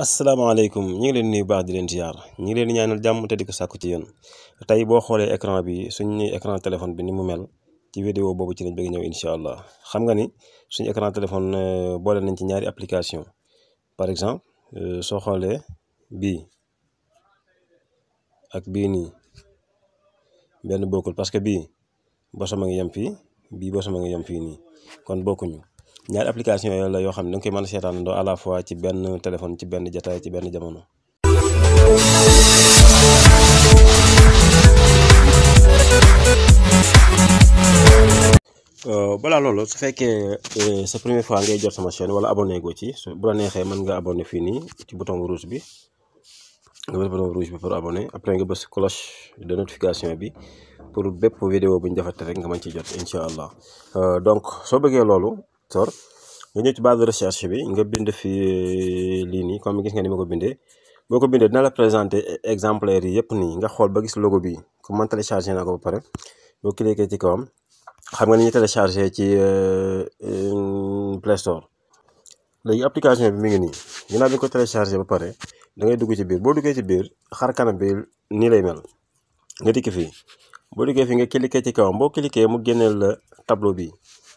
asalaamaaleykum ñu ngi leen nuyu baax di leen ziar ñu ngi leen ñaanal jàmm te di ko sàkku ci yéen tey boo xoolee écran bi suñ écran téléphone bi ni mu mel ci vidéo boobu ci lañ bëgg ñëw incha allah xam nga ni suñ écran téléphone euh, boole nañ ci ñaari application par exemple euh, soo xoolee bi ak bi nii benn bokkul parce que bii bosama ngi yem bi bii bosama ngi yem fii nii kon bokkuñu. ñaari application yooyu la yoo xam ne da nga koy mën a seetaanandoo à la fois ci benn téléphone ci benn jataay ci benn jamono. Euh, balaa loolu su fekkee euh, sa première fois ngay jot sama chaîne wala abonné ci bu la neexee mën nga abonné fii nii ci bouton rouge bi nga bës bouton rouge bi pour abonné après nga bës cloche de notification bi pour bépp vidéo bu ñu defate rek nga mën ci jot incha allah euh, donc soo bëggee loolu. vector nga ñëw ci base de recherche bi nga bind fi euh, lii nii comme gis nga ni ma ko bindee boo ko bindee dina la présenter exemplaire yi yëpp nii nga xool ba gis logo bi comme man téléchargé naa ko ba pare boo cliquer ci kawam xam nga ni ñu téléchargé ci euh, euh, Play Store léegi application bi mi ngi nii ginnaaw bi nga ko téléchargé ba pare da dugg ci biir boo duggee ci biir xar bi nii lay mel nga dikk fii boo duggee fii nga cliquer ci kawam boo cliquer mu génneel la tableau bi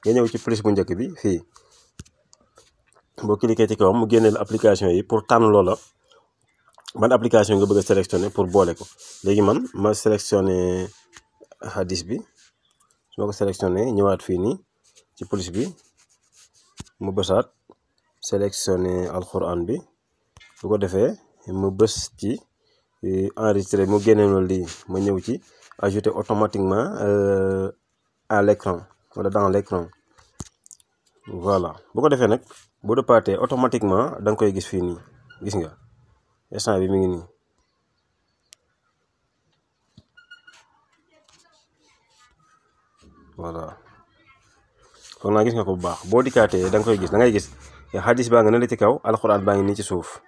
nga ñëw ci plus bu njëkk bi fii boo cliquer ci kawam mu génneel application yi pour tànn loola ban application nga bëgg a pour boole ko léegi man ma sélectionné hadis bi su ma ko sélectionné ñëwaat fii nii ci plus bi mu bësaat sélectionné alquran bi bu ko defee mu bës ci e, enregistré mu génneel di ma ñëw ci ajouter automatiquement euh, à l'écran wala dans l'écran voilà boo ko defee nag boo dëppaatee automatiquement da nga koy gis fii nii gis nga instant bi mi ngi nii voilà kon naa gis nga ko bu baax boo dikkaatee da nga koy gis da ngay gis xadis baa ngi ne la ci kaw alxuraan baa ngi nii ci suuf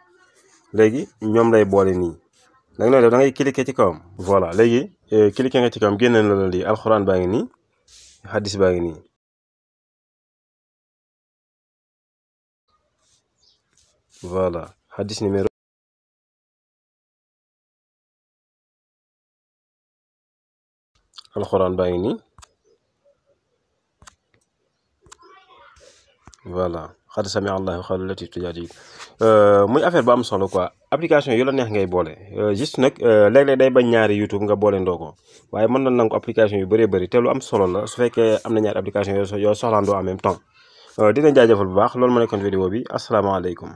léegi ñoom lay boole nii da nga def da ngay cliquer ci kawam voilà léegi eh, cliquer nga ci kawam génne na la lii alxuraan baa ngi nii xadis baa ngi nii voilà xadis numéro alxuraan baa ngi nii voilà xad sami allahu xalu latif tijaati euh, muy affaire bu am solo quoi application yu la neex ngay boole euh, juste nag euh, léeg-léeg day ba ñaari youtube nga boole ndoo ko waaye man na nangu application yu bëree bëri te lu am solo la su fekkee am na ñaari application yoo soxlaandoo en même temps dina jaajëfal bu baax loolu ma nekkoon vidéo bi asalaamaaleykum